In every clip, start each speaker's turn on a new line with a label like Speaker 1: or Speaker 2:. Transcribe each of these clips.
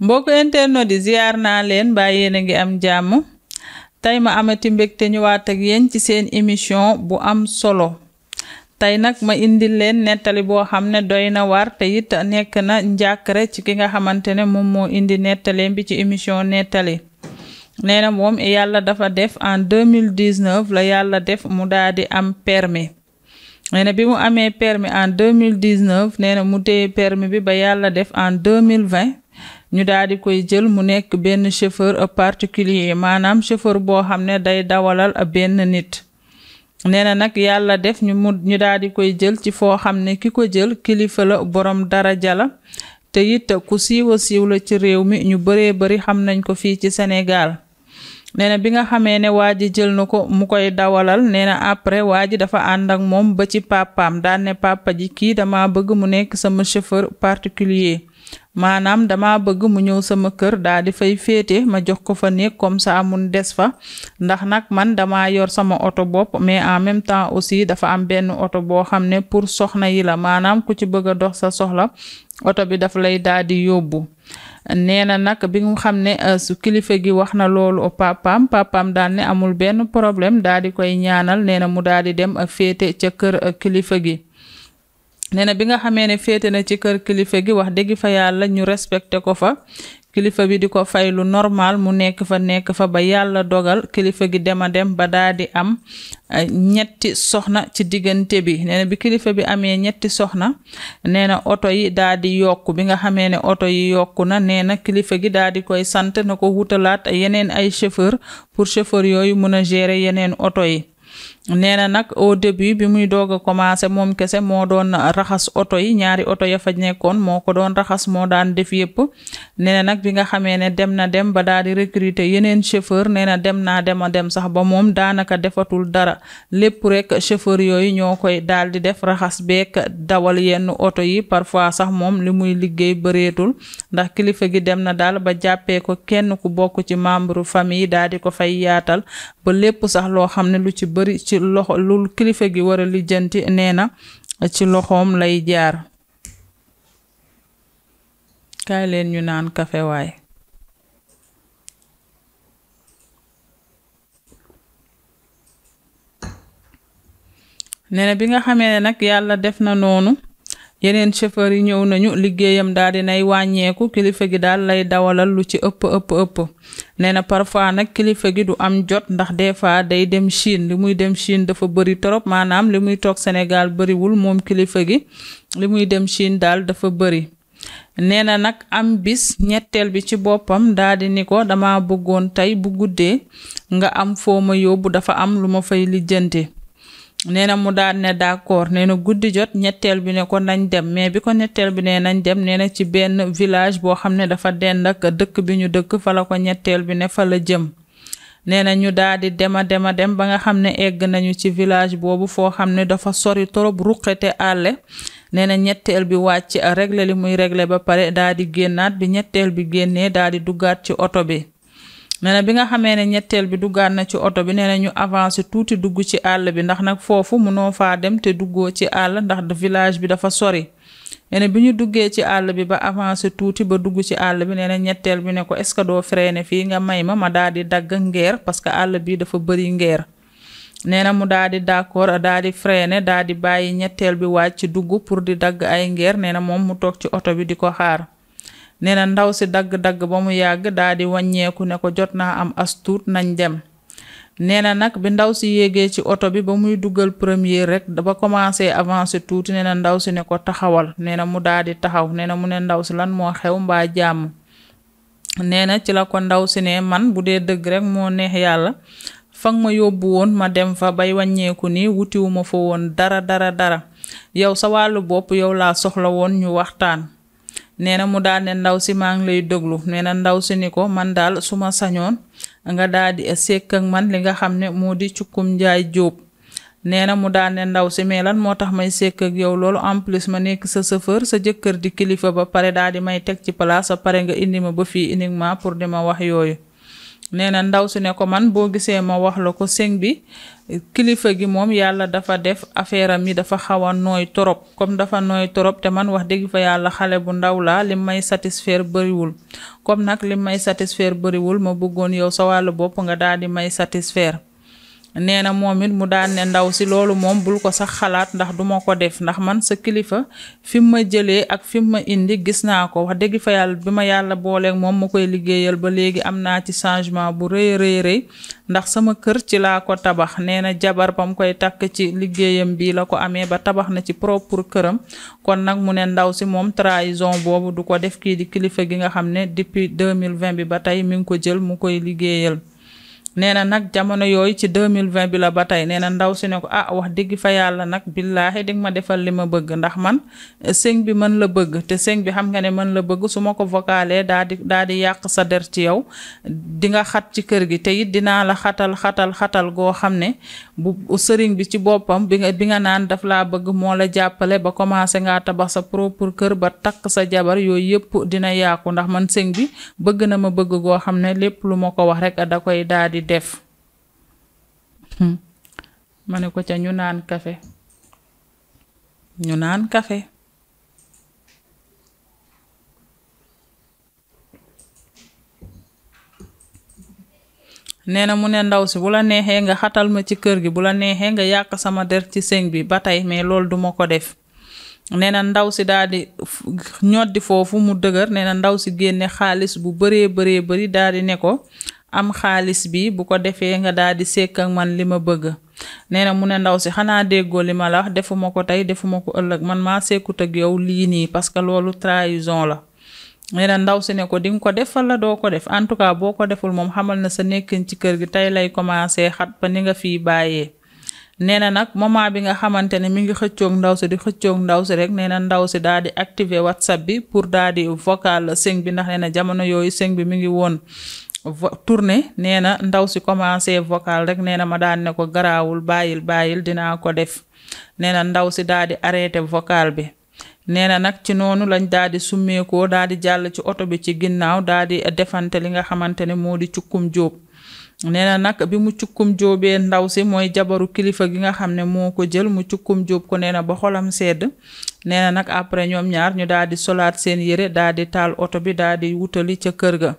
Speaker 1: mbokk internet di ziyaar naa leen ba yéen a ngi am jàmm tey ma amati mbégte ñëwaat ak yéen ci seen émission bu am solo tey nag ma indi leen nettali boo xam ne doy na war te it nekk na njàkkre ci ki nga xamante ne moom moo indi nettaleen bi ci émission nettali nee na moom yàlla dafa def en 2019 la yàlla def mu daal di am permis nee na bi mu amee permis en 2019 nee na mu téye permis bi ba yàlla def en 2020 ñu daal di koy jël mu nekk benn chauffeur particulier maanaam chauffeur boo xam ne day dawalal benn nit nee na nag yàlla def ñu mu ñu daal di koy jël ci foo xam ne ki ko jël kilifa la borom daraja la te it ku siiw a siiw la ci réew mi ñu bëree bëri xam nañ ko fii ci Sénégal nee na bi nga xamee ne waa ji jël na ko mu koy dawalal nee na après waa ji dafa ànd ak moom ba ci papaam daan ne ji kii dama bëgg mu nekk sama chauffeur particulier maanaam dama bëgg mu ñëw sama kër daa di fay féete ma jox ko fa néeg comme ça mun des fa ndax nag man dama yor sama oto bopp mais en même temps aussi dafa am benn oto boo xam ne pour soxna yi la maanaam ku ci bëgg dox sa soxla oto bi dafa lay daal di yóbbu nee na nag bi nga xam ne euh, kilifa gi wax na loolu papaam papaam daal ne amul benn problème daal di koy ñaanal nee na mu daal di dem euh, féete ca kër euh, kilifa gi nee na bi nga xamee ne féete na ci kër kilifa gi wax dëgg fa yàlla ñu respecté ko fa kilifa bi di ko fay lu normal mu nekk fa nekk fa ba yàlla dogal kilifa gi dem a dem ba daal di am eh, ñetti soxna ci diggante bi nee bi kilifa bi amee ñetti soxna nee na oto yi daal di yokk bi nga xamee ne oto yi yokku na nee na kilifa gi daal di koy sant na ko wutalaat yeneen ay chauffeur pour chauffeur yooyu mën a gérer yeneen oto yi nee na nag au début bi muy doog a commencé moom kese moo doon raxas oto yi ñaari oto ya fa nekkoon moo ko doon raxas moo daan def yëpp nee na nag bi nga xamee ne dem na dem ba daal di recruter yeneen chauffeur nee na dem naa dem a dem sax ba moom daanaka defatul dara lépp rek chauffeur yooyu ñoo koy daal di def raxas beek dawal yenn oto yi parfois sax moom li muy liggéey bëreetul ndax kilifa gi dem na daal ba jàppee ko kenn ku bokk ci membre famille daal di ko fay yaatal loxo lu kilifa gi war a lijjanti nee na ci loxoom lay jaar kaay leen ñu naan kafewaay waay bi nga xamee ne nag yàlla def na noonu yeneen chauffeur yi ñëw nañu liggéeyam daal di nay wàññeeku kilifa gi daal lay dawalal lu ci ëpp ëpp ëpp nee na parfois nag kilifa gi du am jot ndax des fois day dem Chine li muy dem Chine dafa bëri torop maanaam li muy toog Sénégal bëriwul moom kilifa gi li muy dem Chine daal dafa bëri. nee na nag am bis ñetteel bi ci boppam daal ni ko dama bëggoon tey bu guddee nga am fooma yóbbu dafa am lu ma fay lijjante nee na mu daal ne d'accord nee na guddi jot ñetteel bi ne ko nañ dem mais bi ko ñetteel bi ne nañ dem nee na ci benn village boo xam ne dafa dend ak dëkk bi ñu dëkk fa la ko ñetteel bi ne fa la jëm nee na ñu daal di dema dema dem ba nga xam ne egg nañu ci village boobu foo xam ne dafa sori torop ruqete àlle nee na ñetteel bi wàcc a régler li muy régler ba pare daal di génnaat bi ñetteel bi génnee daal di duggaat ci oto bi nee bi nga xamee ne ñetteel bi duggaat na ci oto bi nee na ñu avancé tuuti dugg ci àll bi ndax nag foofu mu noo faa dem te duggoo ci àll ndax village bi dafa sori nee bi ñu duggee ci àll bi ba avancé tuuti ba dugg ci àll bi nee na ñetteel bi ne ko est-ce que doo freiné fii nga may ma ma daal di dagg ngeer parce que àll bii dafa bëri ngeer nee na mu daal di d'accord daal di freiné daal di bàyyi ñetteel bi wàcc ci dugg pour di dagg ay ngeer nee na moom mu toog ci oto bi di ko xaar nee na ndaw si dagg-dagg ba mu yàgg daal di wàññeeku ne ko jot naa am as tuut nañ dem nee na nag bi ndaw si yéegee ci oto bi ba muy dugal premier rek ba commencé avance tuuti ne na ndaw si ne ko taxawal nee na mu daal di taxaw nee na mu ne ndaw si lan moo xew mbaa jàmm nee na ci la ko ndaw si ne man bu dee dëgg rek moo neex yàlla fag ma yóbbu woon ma dem fa bay wàññeeku nii wutiwuma fa woon dara dara dara yow sa wàllu bopp yow laa soxla woon ñu waxtaan nee na mu daal ne ndaw si maa ngi lay déglu nee na ndaw si ni ko man daal su ma sañoon nga daal di sekk ak man li nga xam ne moo di cukkum njaay jóob nee na mu daal ne ndaw si mais lan moo tax may sekk ak yow loolu en ma nekk sa chauffeur sa jëkkër di kilifa ba pare daal di may teg ci place ba pare nga indi ma ba fii uniquement pour di ma wax yooyu nee na ndaw si ne ko man boo gisee ma wax la ko sëñ bi kilifa gi moom yàlla dafa def affaire am yi dafa xaw nooy torop comme dafa nooy torop te man wax dégg fa yàlla xale bu ndaw laa li may satisfaire bëriwul comme nag lim may satisfaire bëriwul ma bëggoon yow sa wàllu bopp nga daal di may satisfaire nee na moom it mu daan ndaw si loolu moom bul ko sax xalaat ndax duma ko def ndax man sa kilifa fi mu ma jëlee ak fi mu ma indi gis naa ko wax dëgg fa yàlla bi ma yàlla booleek moom mu koy liggéeyal ba léegi am naa ci changement bu rëy rëy ndax sama kër ci laa ko tabax nee na jabar ba mu koy takk ci liggéeyam bii la ko amee ba tabax na ci propre këram kon nag mu ne ndaw si moom trahison boobu du ko def kii di kilifa gi nga xam ne depuis 2020 bi ba tey mi ngi ko jël mu koy liggéeyal nee na nag jamono yooyu ci 2020 bi la ba tey nee na ndaw si ne ko ah wax dëgg fa yàlla nag billaahi di nga ma defal li ma bëgg ndax man eh, sëñ bi mën la bëgg te sëñ bi xam nga ne mën la bëgg su ma ko vocalee daa di di yàq sa der yow di nga xat ci kër gi te it dinaa la xatal xatal xatal goo xam ne bu sëriñ bi ci boppam bi nga bi nga naan daf laa bëgg moo la jàppale ba commencé ngaa tabax sa propre kër ba takk sa jabar yooyu yëpp dina yàqu ndax man sëñ bi bëgg na ma bëgg goo xam ne lépp lu ma ko wax rek da koy daa def hmm. ma ne ko ca ñu naan kafe ñu naan kafe nee na mu ne ndaw si bu la neexee nga xatal ma ci kër gi bu la neexee nga yàq sama der ci sëñ bi ba tey mais loolu duma ko def nee na ndaw si daal di ñoddi foofu mu dëgër nee na ndaw si génne xaalis bu bëree bëree bëri daal ne ko am xaalis bi bu ko defee nga daal di sekk man li ma bëgg nee na mu ne ndaw si xanaa déggoo li ma la defuma ko tey defuma ko ëllëg man maa sekkut tëgg yow lii nii parce que loolu trahison la nee na ndaw si ne ko di nga ko defal la doo ko def en tout cas boo ko deful moom xamal na sa nekkin ci kër gi tey lay commencé xat ba ni nga fii bàyyee nee na nag moment bi nga xamante ne mi ngi xëccoog ndaw si di xëccoog ndaw si rek nee na ndaw si daal di activer whatsapp bi pour daal di vocal bi ndax nee na jamono yooyu sëñ bi mi ngi woon tournée nee na ndaw si commencé vocal rek nee na ma daan ne ko garaawul bàyyil bàyyil dinaa ko def nee na ndaw si daal di arrêté vocal bi nee na nag ci noonu lañ daal di summeekoo daal di jàll ci oto bi ci ginnaaw daal di defante li nga xamante ne moo di cukkum jóob nee na nag bi mu cukkum jóobee ndaw si mooy jabaru kilifa gi nga xam ne moo ko jël mu cukkum jóob ko nee na ba xolam sedd nee na nag après ñoom ñaar ñu daal solaat seen yére daal taal oto bi daal kër ga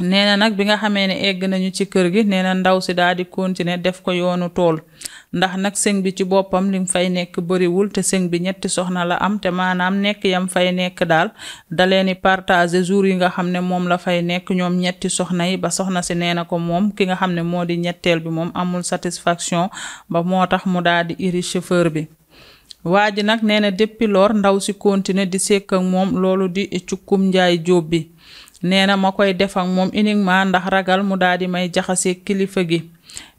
Speaker 1: nee na nag bi nga xamee ne egg nañu ci kër gi nee na ndaw si daal di continuer def ko yoonu tool ndax nag sëñ bi ci boppam lim fay nekk bëriwul te sëñ bi ñetti soxna la am te maanaam nekk yam fay nekk daal da leen di partager yi nga xam ne moom la fay nekk ñoom ñetti soxna yi ba soxna si nee na ko moom ki nga xam ne moo di ñetteel bi moom amul satisfaction ba moo tax mu daal di iri chauffeur bi. waa ji nag neena na depuis ndaw si continuer di sekk ak moom loolu di cukkum njaay jóob bi. nee na ma koy def ak moom uniquement ndax ragal mu daal di may jaxasee kilifa gi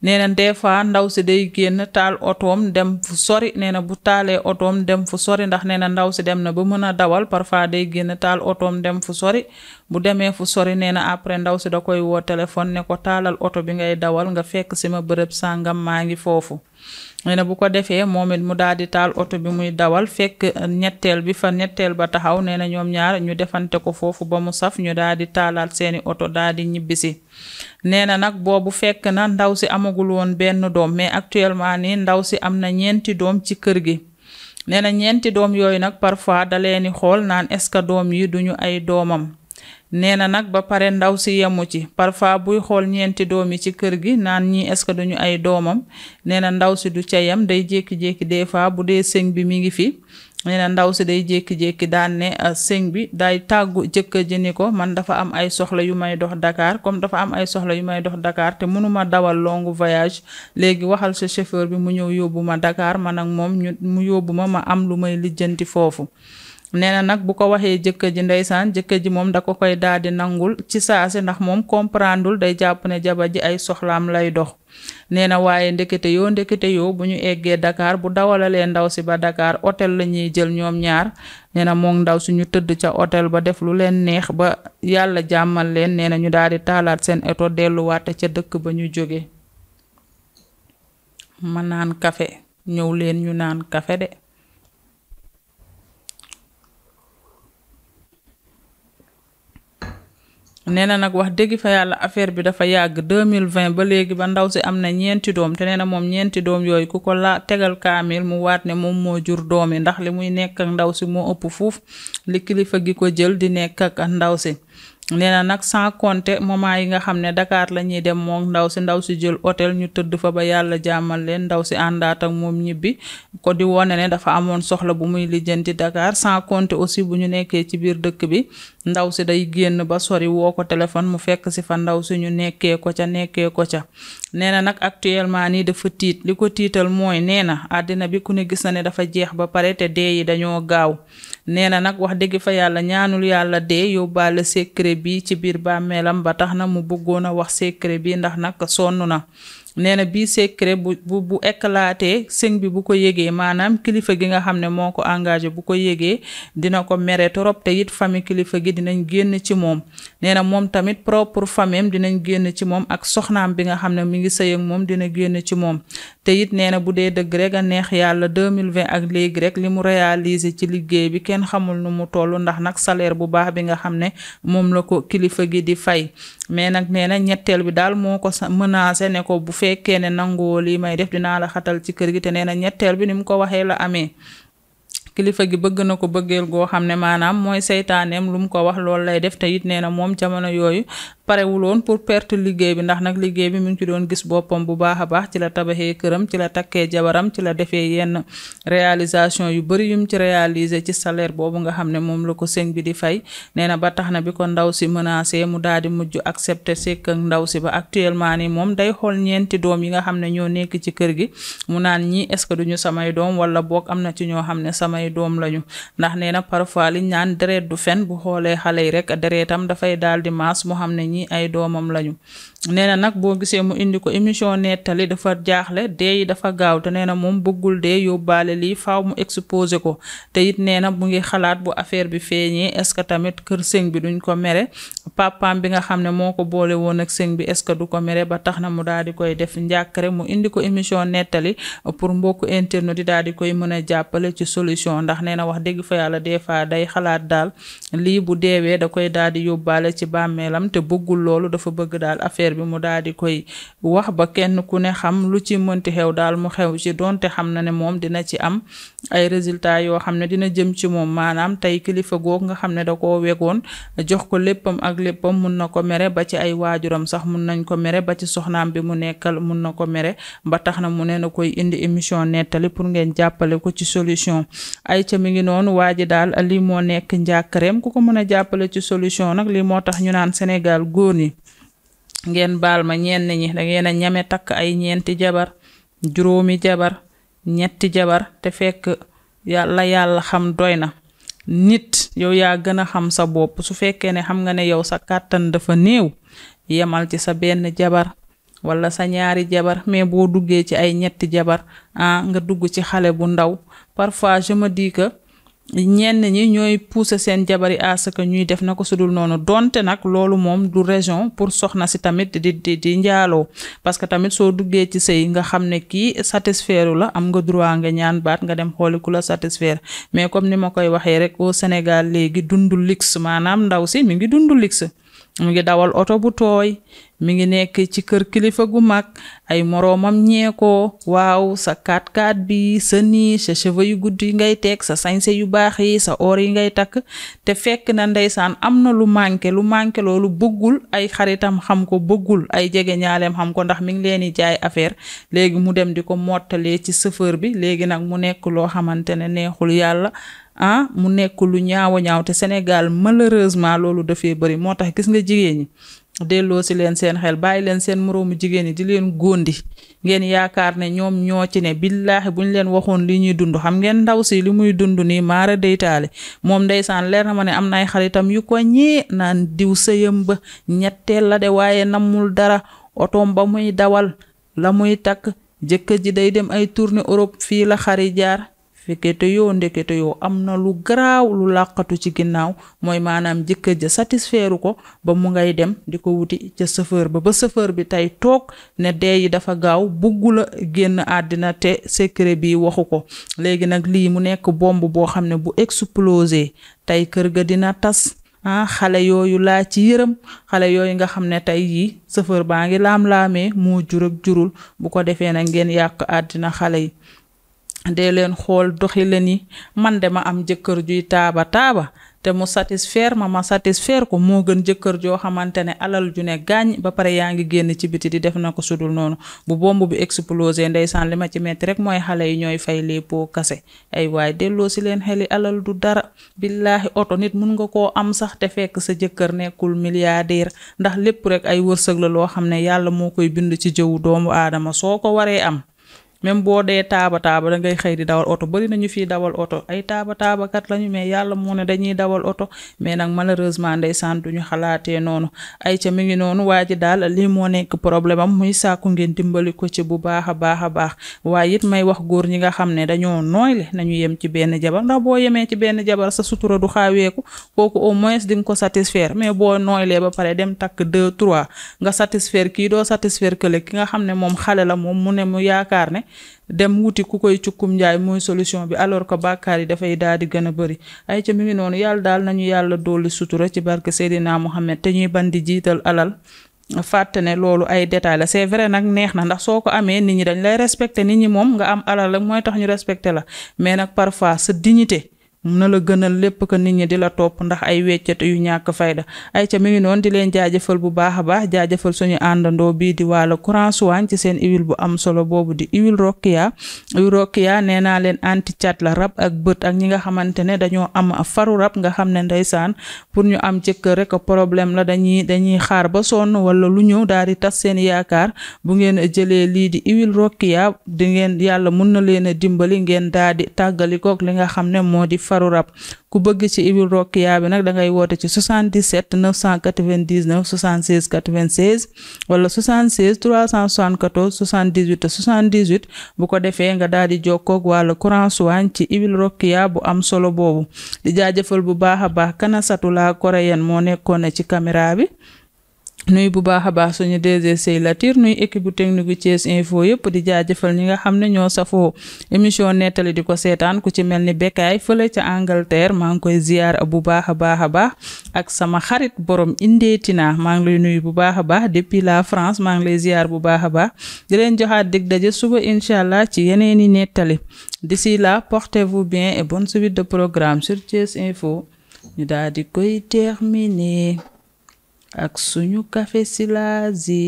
Speaker 1: nee na des fois ndaw si day génn taal otoom dem fu sori nee na bu taalee otoom dem fu sori ndax nee na ndaw si dem na ba mën a dawal parfois day génn taal otoom dem fu sori bu demee fu sori nee na après ndaw si da koy woo téléphone ne ko taalal oto bi ngay dawal nga fekk si ma bërëb sàngam maa ngi foofu nee na bu ko defee moom it mu daldi di taal oto bi muy dawal fekk ñetteel bi fa ñetteel ba taxaw nee na ñoom ñaar ñu defante ko foofu ba mu saf ñu daal di taalaat seeni oto daldi ñibbisi nee na nag boobu fekk na ndaw si amagul woon benn doom mais actuellement ni ndaw si am na ñeenti doom ci kër gi nee na ñeenti doom yooyu nag parfois da ni xool naan est doom yi duñu ay doomam nee na nag ba pare ndaw si yemu ci parfois buy xool ñeenti doom yi ci kër gi naan ñii est-ce que duñu ay doomam nee na ndaw si du ca yem day jékki-jékki des fois bu dee sëñ bi mi ngi fi nee na ndaw si day jékki-jékki daan ne ah, sëñ bi day tàggu jëkkër ji ni ko man dafa am ay soxla yu may dox dakaar comme dafa am ay soxla yu may dox Dakar te mënuma dawal longu voyage léegi waxal sa chauffeur bi mu ñëw yóbbu ma dakaar man ak moom ñu mu yóbbu ma ma am lu may lijjanti foofu nee na nag bu ko waxee jëkkër ji ndeysaan jëkkër ji moom da ko koy daal di nangul ci saasi ndax moom comprendul day jàpp ne jabar ji ay soxlaam lay dox nee na waaye ndekete yoo ndekete yoo bu ñu eggee dakaar bu dawalalee ndaw si ba dakaar otel la ñuy jël ñoom ñaar nee na ndaw si ñu tëdd ca hôtel ba def lu leen neex ba yàlla jàmmal leen nee na ñu daal di taalaat seen oto delluwaate ca dëkk ba ñu jóge ma naan kafe ñëw leen ñu naan kafe de nee na nag wax dëgg fa yàlla affaire bi dafa yàgg mille 2020 ba léegi ba ndaw si am na ñeenti doom te nee na moom ñeenti doom yooyu ku ko laa tegal kaamil mu waat ne moom moo jur doom yi ndax li muy nekk ak ndaw si moo ëpp fuuf li kilifa gi ko jël di nekk ak ndaw si nee na nag sans compter moment yi nga xam ne Dakar la ñuy dem moom ndaw si ndaw si jël hôtel ñu tëdd fa ba yàlla jàmmal leen ndaw si àndaat ak moom ñibbi ko di wone ne dafa amoon soxla bu muy lijjanti Dakar sans compter aussi bu ñu nekkee ci biir dëkk bi ndaw si day génn ba sori woo ko téléphone mu fekk si fa ndaw si ñu nekkee ko ca nekkee ko ca nee na nag actuellement nii dafa tiit li ko tiital mooy nee na àddina bi ku ne gis na ne dafa jeex ba pare te dee yi dañoo gaaw nee na nag wax dëgg fa yàlla ñaanul yàlla dee yóbbaale secret bi ci biir bàmmeelam ba tax na mu bëggoon a wax secret bi ndax nag sonn na nee na bii secret bu bu bu éclaté sëñ bi bu ko yëgee maanaam kilifa gi nga xam ne moo ko engagé bu ko yëgee dina ko mere torop te it famille kilifa gi dinañ génn ci moom nee na moom tamit propre famille dinañ génn ci moom ak soxnaam bi nga xam ne mi ngi sëy ak moom dina génn ci moom te it nee na bu dee dëgg rek a neex yàlla 2020 ak léegi rek li mu réalisé ci liggéey bi kenn xamul nu mu toll ndax nag salaire bu baax bi nga xam ne moom la ko kilifa gi di fay mais fekkee ne nanguwoo lii may def dinaa la xatal ci kër gi te nee na ñetteel bi ni mu ko waxee la amee kilifa gi bëgg na ko bëggeel goo xam ne maanaam mooy seytaaneem lu mu ko wax loolu lay def te it nee na moom jamono yooyu parewuloon pour perte liggéey bi ndax nag liggéey bi mu ngi ci doon gis boppam bu baax a baax ci la tabaxee këram ci la takkee jabaram ci la defee yenn réalisation yu bëri yum ci réaliser ci salaire boobu nga xam ne moom la ko sëñ bi di fay nee na ba tax na bi ko ndaw si menacé mu daal di mujj accepter sekk ak ndaw si ba actuellement ni moom day xool ñeenti doom yi nga xam ne ñoo nekk ci kër gi mu naan ñi est-ce que duñu samay doom wala boog am na ci ñoo xam ne samay doom lañu ndax nee na parfois li ñaan deret du bu xoolee xale yi rek ñii ay doomam lañu nee nag boo gisee mu indi ko émission nettali dafa jaaxle dee yi dafa gaaw te nee na moom bëggul dee yóbbaale lii faaw mu exposé ko te it nee na mu ngi xalaat bu affaire bi feeñee est-ce que tamit kër sëñ bi duñ ko mere papaam bi nga xam ne moo ko boole woon ak sëñ bi est-ce que du ko mere ba tax na mu daal di koy def njàkkare mu indi ko émission nettali pour mbokk internet di daal di koy mën a jàppale ci solution ndax nee na wax dëgg fa yàlla des fois day xalaat daal bëggul loolu dafa bëgg daal affaire bi mu daal di koy wax ba kenn ku ne xam lu ci mënti xew daal mu xew ci donte xam na ne moom dina ci am ay résultat yoo xam ne dina jëm ci moom maanaam tey kilifa goog nga xam ne da koo wegoon jox ko léppam ak léppam mun na ko mere ba ci ay waajuram sax mun nañ ko mere ba ci soxnaam bi mu nekkal mun na ko mere ba tax na mu ne na koy indi émission nettali pour ngeen jàppale ko ci solution ay ca mi ngi noonu waa ji daal mën a jàppale góor ñi ngeen baal ma ñenn ñi da ngeen a ñame takk ay ñeenti jabar juróomi jabar ñetti jabar te fekk yàlla yàlla xam doy na nit yow yaa gën a xam sa bopp su fekkee ne xam nga ne yow sa kàttan dafa néew yemal ci sa benn jabar wala sa ñaari jabar mais boo duggee ci ay ñetti jabar ah nga dugg ci xale bu ndaw parfois je ñenn ñi ñooy pousser seen jabar yi à ce ñuy def na ko sudul noonu donte nag loolu moom du région pour soxna si tamit di di di njaaloo parce que tamit soo duggee ci sëy nga xam ne kii satisfaire la am nga droit nga ñaan baat nga dem xooli ku la satisfaire mais comme ni ma koy waxee rek o Sénégal léegi dundu luxe maanaam ndaw si mi ngi dundu luxe mu ngi dawal oto bu tooy mu ngi nekk ci kër kilifa gu mag ay moroomam ñeeko waaw sa kaat-kaat bi sa nii sa cheveux yu gudd yi ngay teeg sa sañse yu baax yi sa or yi ngay takk te fekk na ndeysaan am na lu manqué lu manqué loolu bëggul ay xaritam xam ko bëggul ay jege ñaalem xam ko ndax mi ngi leen di jaay affaire léegi mu dem di ko mottalee ci chauffeur bi léegi nag mu nekk loo xamante ne neexul yàlla ah mu nekk lu ñaaw ñaaw te Sénégal malheureusement loolu dafee bari moo tax gis nga jigéen ñi delloo si leen seen xel bàyyi leen seen moroomu jigéen ñi di leen góondi ngeen yaakaar ne ñoom ñoo ci ne billaahi bu ñu leen waxoon li ñuy dund xam ngeen ndaw si li muy dund nii maara deytaale moom ndeysaan leer ma ne am na ay xaritam yu ko ñee naan diw sëyam ba ñetteel la de waaye namul dara otoom ba muy dawal la muy takk jëkkër ji day dem ay tournée Europe fii la xari jaar fekkete yoo ndekete yoo am na lu garaaw lu làqatu ci ginnaaw mooy maanaam jëkkër ja satisfeeru ko ba mu ngay dem di ko wuti ca chauffeur ba ba chauffeur bi tey toog ne dee yi dafa gaaw buggu la génn àddina te secret bi waxu ko léegi nag lii mu nekk bomb boo xam ne bu explosé tey kër ga dina tas ah xale yooyu laa ci yërëm xale yooyu nga xam ne tey yii chauffeur baa ngi laam laame moo jur ak jurul bu ko defee nag ngeen yàq àddina xale yi dee leen xool doxi leen yi man de ma am jëkkër juy taaba taaba te mu satisfaire ma ma satisfaire ko moo gën jëkkër joo xamante ne alal ju ne gaañ ba pare yaa ngi génn ci biti di def na ko sudul noonu bu bomb bi explosé ndeysaan li ma ci metti rek mooy xale yi ñooy fay les kase ay waay delloo si leen xeli alal du dara billaahi oto nit mun nga koo am sax te fekk sa jëkkër nekkul milliardaire ndax lépp rek ay wërsëg la loo xam ne yàlla moo koy bind ci jëwu doomu aadama soo ko waree am même boo dee taaba taaba da ngay xëy di dawal oto bëri nañu fii dawal oto ay taaba taabakat lañu mais yàlla moo ne dañuy dawal oto mais nag malheureusement ndeysaan duñu xalaatee noonu ay ca mi ngi noonu waa ji daal lii moo nekk problème am muy saaku ngeen dimbali ko ci bu baax a baax a baax waaye it may wax góor ñi nga xam ne dañoo nooyle nañu yem ci benn jabar ndax boo yemee ci benn jabar sa sutura du xaaweeku kooku au moins di nga ko satisfaire mais boo nooylee ba pare dem takk deux trois nga satisfaire kii doo satisfaire kële ki nga xam ne moom xale la moom mu ne mu yaakaar ne dem wuti ku koy cukkum njaay mooy solution bi alors que bàkkaar yi dafay daal di gën a bëri ay ca mi ngi yàlla daal nañu yàlla dolli sutura ci barke Seydina Muhammad te ñuy ban di jiital alal fàtte ne loolu ay détail la c'est vrai nag neex na ndax soo ko amee nit ñi dañ lay respecté nit ñi moom nga am alal la mooy tax ñu respecté la mais nag parfois sa dignité na la gënal lépp que nit ñi di la topp ndax ay weccate yu ñàkk fayda ay ca mi ngi noonu di leen jaajëfal bu baax a baax jaajëfal suñu àndandoo bii di waalo courant soigne ci seen huile bu am solo boobu di huile Rokia huile Rokia nee naa leen anti cat la rab ak bët ak ñi nga xamante ne dañoo am faru rab nga xam ne ndeysaan pour ñu am jëkkër rek problème la dañuy dañuy xaar ba sonn wala lu ñëw daal di tas seen yaakaar bu ngeen jëlee lii di huile Rokia di ngeen yàlla mun na leen a dimbali ngeen daal di faru rab ku bëgg ci ibil rokiya bi nag da ngay woote ci 77 999 76 96 wala 76 374 78 78 bu ko defee nga daal di jokkoog wàllu courant soin ci ibil rokiya bu am solo boobu di jaajëfal bu baax a baax kana satula koreyen moo nekkoon ci caméra nuy bu baax a baax suñu DGC Latir nuy équipe technique gu Thiès Info yëpp di jaajëfal ñi nga xam ne ñoo safoo émission nettali di ko seetaan ku ci mel ni Bekkaay fële ca Angleterre maa ngi koy ziar bu baax a baax a baax ak sama xarit borom Indeetina maa ngi lay nuyu bu baax a baax depuis la France maa ngi lay ziar bu baax a baax di leen joxaat dig daje suba incha allah ci yeneeni nettali d'ici la portez-vous bien et bonne suite de programme sur Thiès Info ñu daal di koy terminer. ak suñu café Silaasi